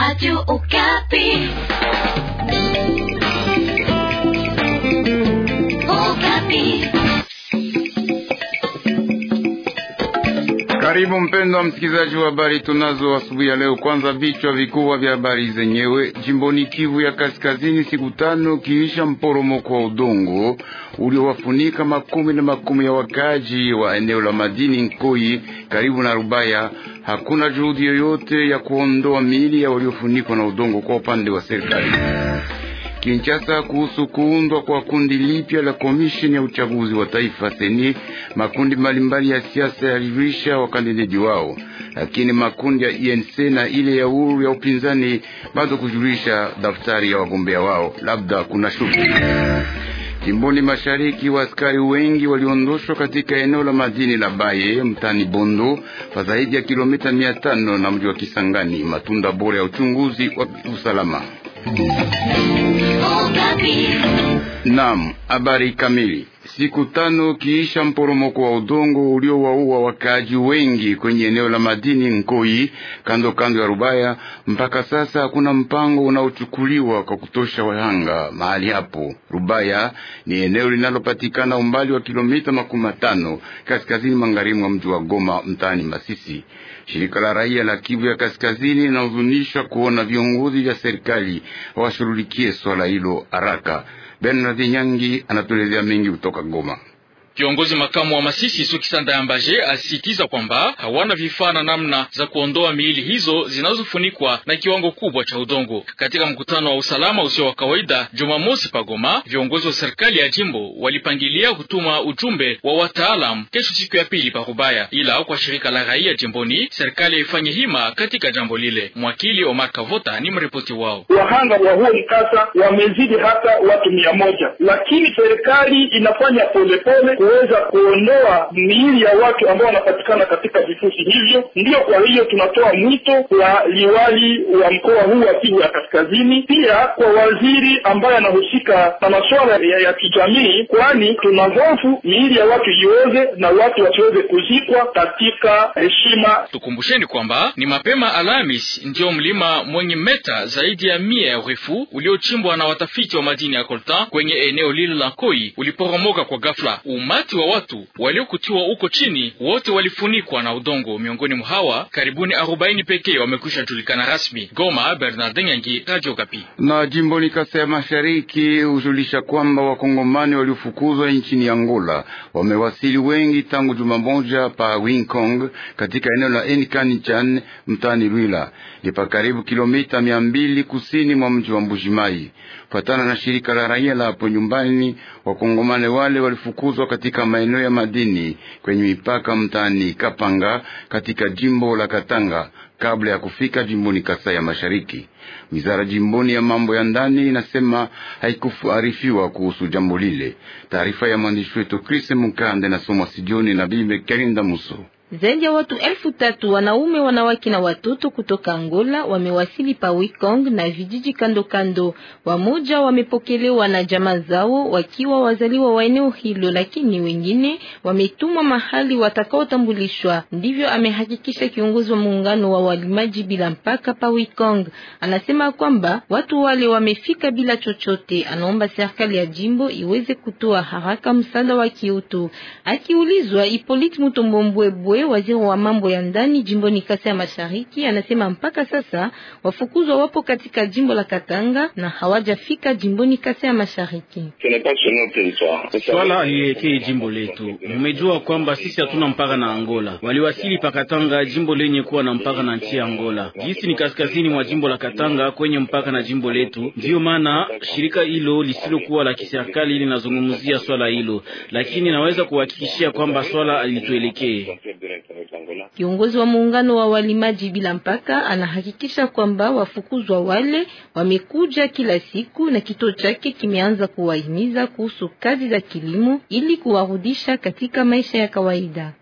Radio Okapi. Karibu wa msikilizaji wa habari tunazo asubuhi ya leo. Kwanza vichwa vikubwa vya habari zenyewe. Jimboni Kivu ya Kaskazini, siku tano kiisha mporomoko wa udongo uliowafunika makumi na makumi ya wakaji wa eneo la madini Nkoi karibu na Rubaya, hakuna juhudi yoyote ya kuondoa miili ya waliofunikwa na udongo kwa upande wa serikali. Kinshasa kuhusu kuundwa kwa kundi lipya la komisheni ya uchaguzi wa taifa seni. Makundi mbalimbali ya siasa yalirisha wakandidaji wao, lakini makundi ya INC na ile ya uhuru ya upinzani bado kujulisha daftari ya wagombea wao, labda kuna shuku Jimboni mashariki waaskari wengi waliondoshwa katika eneo la madini la Baye mtani Bondo, pa zaidi ya kilomita mia tano na mji wa Kisangani. Matunda bora ya uchunguzi wa usalama Oh, puppy. Naam, habari kamili. Siku tano kiisha mporomoko wa udongo uliowaua wakaaji wengi kwenye eneo la madini Nkoi kando kando ya Rubaya, mpaka sasa hakuna mpango unaochukuliwa kwa kutosha wahanga mahali hapo. Rubaya ni eneo linalopatikana umbali wa kilomita makumi matano kaskazini magharibi mwa mji wa Goma, mtaani Masisi. Shirika la raia la Kivu ya Kaskazini linahuzunisha kuona viongozi vya serikali hawashughulikie swala hilo haraka. Bernard Nyangi anatuelezea mengi kutoka Goma. Kiongozi makamu wa Masisi Sukisanda Yambaje asisitiza kwamba hawana vifaa na namna za kuondoa miili hizo zinazofunikwa na kiwango kubwa cha udongo. Katika mkutano wa usalama usio wa kawaida Jumamosi pagoma, viongozi wa serikali ya jimbo walipangilia kutuma ujumbe wa wataalam kesho, siku ya pili pakubaya, ila kwa shirika la raia jimboni serikali haifanyi hima katika jambo lile. Mwakili Omar Kavota ni mripoti wao. Wahanga wa huo mkasa wamezidi hata watu mia moja, lakini serikali inafanya polepole pole kuweza kuondoa miili ya watu ambao wanapatikana katika vifusi hivyo. Ndiyo, kwa hiyo tunatoa mwito kwa liwali wa mkoa huu wa Kivu ya Kaskazini, pia kwa waziri ambaye anahusika na masuala ya, ya kijamii, kwani tuna hofu miili ya watu ioze na watu wasiweze kuzikwa katika heshima. Tukumbusheni kwamba ni mapema Alhamis ndiyo mlima mwenye meta zaidi ya mia ya urefu uliochimbwa na watafiti wa madini ya coltan kwenye eneo lile la Koi uliporomoka kwa ghafla. Umati wa watu waliokutiwa huko chini wote walifunikwa na udongo. Miongoni mwa hawa karibuni arobaini pekee wamekwisha julikana rasmi. Goma, Bernard Nyangi, Radio Kapi. Na jimboni Kasai ya Mashariki hujulisha kwamba wakongomani waliofukuzwa nchini Angola wamewasili wengi tangu juma moja pa Wingkong katika eneo la Enkanichan mtani Luila lipa karibu kilomita mia mbili kusini mwa mji wa Mbujimai. Kufatana na shirika la raia la hapo nyumbani, wakongomane wale walifukuzwa katika maeneo ya madini kwenye mipaka mtaani Kapanga katika jimbo la Katanga kabla ya kufika jimboni Kasai ya Mashariki. Wizara jimboni ya mambo ya ndani inasema haikuarifiwa kuhusu jambo lile. Taarifa ya mwandishi wetu Chris Mukande na somwa sijioni na Bibe Kerinda Muso. Zaidi ya watu elfu tatu wanaume, wanawake na watoto kutoka Angola wamewasili pa Wikong na vijiji kando kando. Wamoja wamepokelewa na jamaa zao wakiwa wazaliwa wa eneo hilo, lakini wengine wametumwa mahali watakaotambulishwa. Ndivyo amehakikisha kiongozi wa muungano wa walimaji bila mpaka pa Wikong. Anasema kwamba watu wale wamefika bila chochote. Anaomba serikali ya jimbo iweze kutoa haraka msaada wa kiutu. Akiulizwa Ipolit Mutombombwe Mbowe, waziri wa mambo ya ndani jimboni Kasa ya Mashariki, anasema mpaka sasa wafukuzwa wapo katika jimbo la Katanga na hawajafika jimboni Kasa ya Mashariki. Swala alielekee jimbo letu. Mmejua kwamba sisi hatuna mpaka na Angola, waliwasili pa Katanga, jimbo lenye kuwa na mpaka na nchi ya Angola. Jisi ni kaskazini mwa jimbo la Katanga kwenye mpaka na jimbo letu, ndiyo maana shirika hilo lisilokuwa la kiserikali linazungumzia swala hilo, lakini naweza kuhakikishia kwamba swala alituelekee Kiongozi wa muungano wa walimaji bila mpaka anahakikisha kwamba wafukuzwa wale wamekuja kila siku, na kituo chake kimeanza kuwahimiza kuhusu kazi za kilimo ili kuwarudisha katika maisha ya kawaida.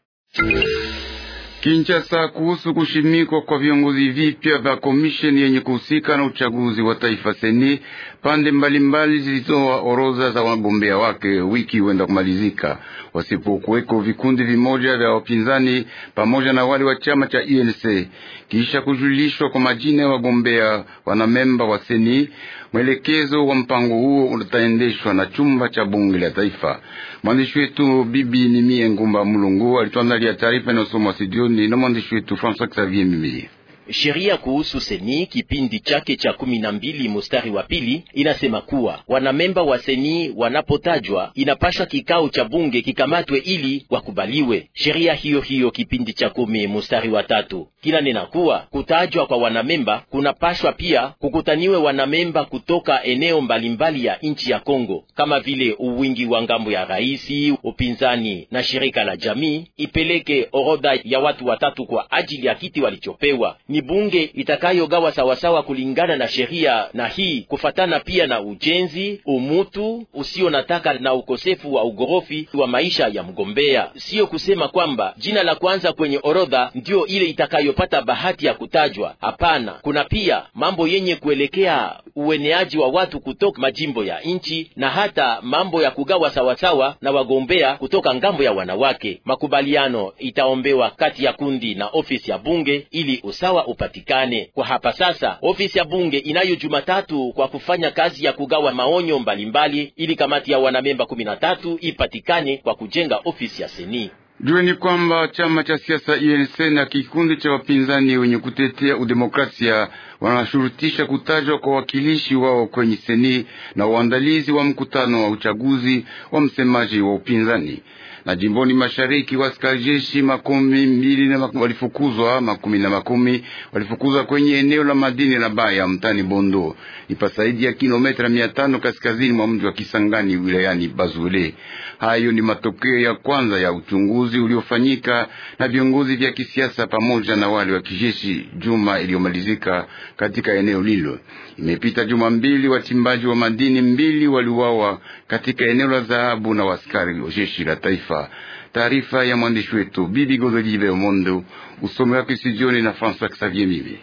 Kinshasa kuhusu kushimikwa kwa viongozi vipya vya komisheni yenye kuhusika na uchaguzi wa taifa seni, pande mbalimbali zilitoa orodha za wagombea wake wiki huenda kumalizika. Wasipokuweko vikundi vimoja vya wapinzani pamoja na wale wa chama cha UNC, e kisha kujulishwa kwa majina ya wagombea wanamemba wa seni. Mwelekezo wa mpango huo utaendeshwa na chumba cha bunge la taifa. Mwandishi wetu bibi Nimie Ngumba Mulungu alituandalia taarifa inayosomwa studioni na mwandishi wetu François Xavier Mimie. Sheria kuhusu seni kipindi chake cha kumi na mbili mustari wa pili inasema kuwa wanamemba wa seni wanapotajwa inapashwa kikao cha bunge kikamatwe ili wakubaliwe. Sheria hiyo hiyo kipindi cha kumi mustari wa tatu kila kuwa kutajwa kwa wanamemba kunapashwa pia kukutaniwe wanamemba kutoka eneo mbalimbali ya nchi ya Kongo, kama vile uwingi wa ngambo ya raisi, upinzani na shirika la jamii ipeleke orodha ya watu watatu kwa ajili ya kiti walichopewa ni ni bunge itakayogawa sawasawa kulingana na sheria, na hii kufatana pia na ujenzi, umutu usio nataka na ukosefu wa ugorofi wa maisha ya mgombea. Siyo kusema kwamba jina la kwanza kwenye orodha ndiyo ile itakayopata bahati ya kutajwa. Hapana, kuna pia mambo yenye kuelekea ueneaji wa watu kutoka majimbo ya nchi na hata mambo ya kugawa sawasawa na wagombea kutoka ngambo ya wanawake. Makubaliano itaombewa kati ya kundi na ofisi ya bunge ili usawa upatikane. Kwa hapa sasa, ofisi ya bunge inayo Jumatatu kwa kufanya kazi ya kugawa maonyo mbalimbali mbali, ili kamati ya wanamemba 13 ipatikane kwa kujenga ofisi ya seni. Jueni kwamba chama cha siasa UNC e na kikundi cha wapinzani wenye kutetea udemokrasia wanashurutisha kutajwa kwa wakilishi wao kwenye seni na uandalizi wa mkutano wa uchaguzi wa msemaji wa upinzani. Na jimboni mashariki, waskari jeshi makumi mbili na makumi, walifukuzwa makumi na makumi walifukuzwa kwenye eneo la madini la Baya mtani Bondo, ni pasaidi ya kilometra mia tano kaskazini mwa mji wa Kisangani wilayani Bazule. Hayo ni matokeo ya kwanza ya uchunguzi uliofanyika na viongozi vya kisiasa pamoja na wale wa kijeshi juma iliyomalizika katika eneo lilo. Imepita juma mbili, wachimbaji wa madini mbili waliuawa katika eneo la dhahabu na waskari wa jeshi la taifa. Taarifa ya mwandishi wetu Bibi Godolive Omondo, usomi wake studioni na François Xavier Mibi.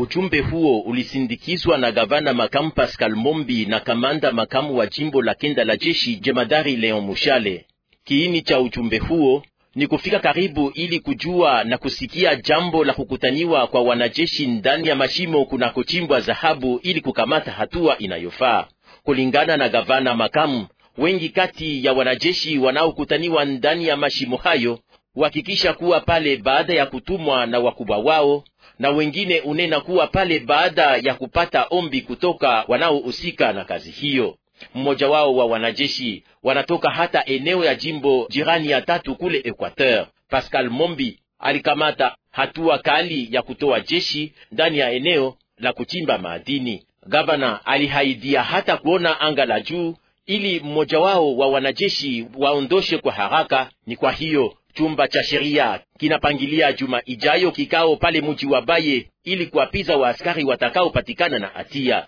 Ujumbe huo ulisindikizwa na gavana makamu Pascal Mombi na kamanda makamu wa jimbo la kenda la jeshi jemadari Leon Mushale. Kiini cha ujumbe huo ni kufika karibu ili kujua na kusikia jambo la kukutaniwa kwa wanajeshi ndani ya mashimo kunakochimbwa dhahabu ili kukamata hatua inayofaa. Kulingana na gavana makamu, wengi kati ya wanajeshi wanaokutaniwa ndani ya mashimo hayo wakikisha kuwa pale baada ya kutumwa na wakubwa wao na wengine unena kuwa pale baada ya kupata ombi kutoka wanaohusika na kazi hiyo. Mmoja wao wa wanajeshi wanatoka hata eneo ya jimbo jirani ya tatu kule Equateur. Pascal Mombi alikamata hatua kali ya kutoa jeshi ndani ya eneo la kuchimba madini. Gavana alihaidia hata kuona anga la juu ili mmoja wao wa wanajeshi waondoshe kwa haraka. Ni kwa hiyo Chumba cha sheria kinapangilia juma ijayo kikao pale mji wa Baye ili kuapiza waaskari watakaopatikana na hatia.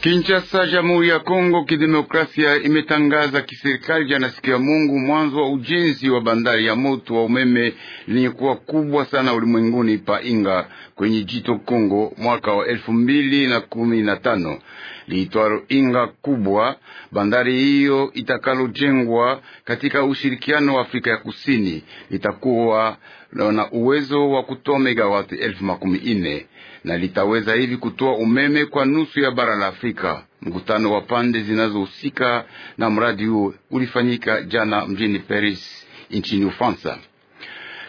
Kinshasa, Jamhuri ya Kongo Kidemokrasia imetangaza kiserikali jana siku ya Mungu mwanzo wa ujenzi wa bandari ya moto wa umeme lenye kuwa kubwa sana ulimwenguni pa Inga kwenye jito Kongo mwaka wa elfu mbili na kumi na tano liitwalo Inga kubwa. Bandari hiyo itakalojengwa katika ushirikiano wa Afrika ya Kusini litakuwa na uwezo wa kutoa megawati elfu makumi ine na litaweza hivi kutoa umeme kwa nusu ya bara la Afrika. Mkutano wa pande zinazohusika na mradi huo ulifanyika jana mjini Paris nchini Ufaransa.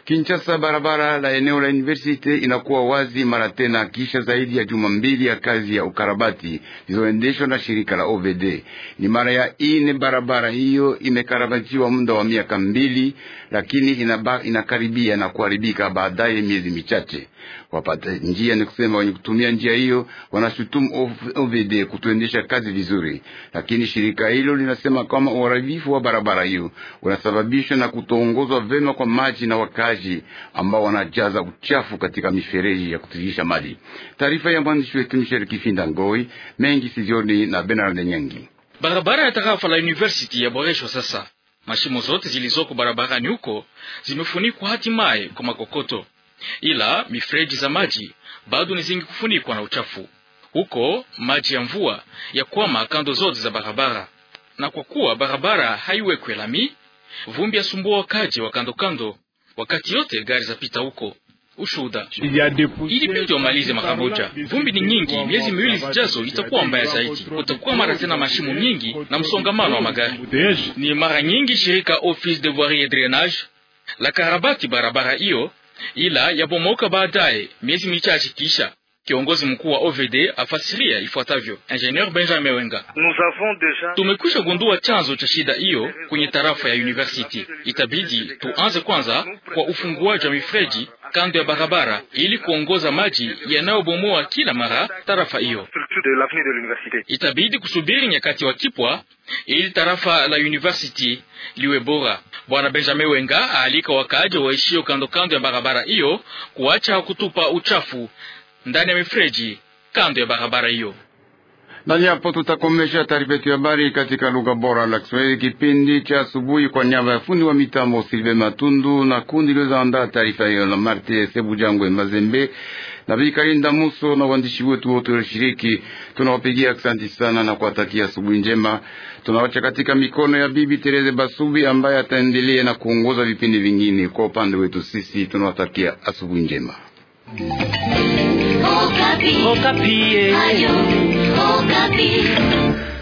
Kinshasa, barabara la eneo la universite inakuwa wazi mara tena kisha zaidi ya juma mbili ya kazi ya ukarabati zilizoendeshwa na shirika la OVD. Ni mara ya ine barabara hiyo imekarabatiwa muda wa miaka mbili, lakini inaba, inakaribia na kuharibika baadaye miezi michache. Wapata njia ni kusema wenye kutumia njia hiyo wanashutumu OVD kutuendesha kazi vizuri, lakini shirika hilo linasema kama uharibifu wa barabara hiyo unasababishwa na kutoongozwa vema kwa maji na wakazi ambao wanajaza uchafu katika mifereji ya kutiririsha maji. Taarifa ya mwandishi wetu Michel Kifinda Ngoi mengi sizioni na Bernard Nyangi. Barabara ya tarafa la university yaboreshwa sasa, mashimo zote zilizoko barabarani huko zimefunikwa hatimaye kwa makokoto ila mifereji za maji bado ni zingi kufunikwa na uchafu. Huko maji ya mvua yakwama kando zote za barabara, na kwa kuwa barabara haiwekwe lami, vumbi yasumbua wakaji wa kando kando, wakati yote gari zapita huko. Ushuda pindi wamalize makaboja. Vumbi ni nyingi, miezi miwili zijazo itakuwa mbaya zaidi, kutakuwa mara tena mashimo nyingi na msongamano wa magari. Ni mara nyingi shirika Office de Voirie et Drainage la karabati barabara hiyo ila yabomoka baadaye miezi michache kisha. Kiongozi mkuu wa OVD afasiria ifuatavyo. Ingenieur Benjamin Wenga: tumekwisha gundua chanzo cha shida hiyo kwenye tarafa ya university. Itabidi tuanze kwanza kwa ufunguaji wa mifereji kando ya barabara ili kuongoza maji yanayobomoa kila mara tarafa hiyo. Itabidi kusubiri nyakati wa kipwa ili tarafa la university liwe bora. Bwana Benjamin Wenga aalika wakaaji waishio kando kando ya barabara hiyo kuacha kutupa uchafu ndani ya mifereji kando ya barabara hiyo. Na hapo tutakomesha taarifa yetu ya habari katika lugha bora la Kiswahili kipindi cha asubuhi, kwa niaba ya fundi wa mitambo Silve Matundu na kundi lilozaandaa taarifa hiyo la Marte Sebujangwe Mazembe na Bikarinda Muso na waandishi wetu wote walioshiriki, tunawapigia asanti sana na kuwatakia asubuhi njema. Tunawacha katika mikono ya Bibi Tereze Basubi ambaye ataendelea na kuongoza vipindi vingine. Kwa upande wetu sisi tunawatakia asubuhi njema. Okapi. Okapi. Eh.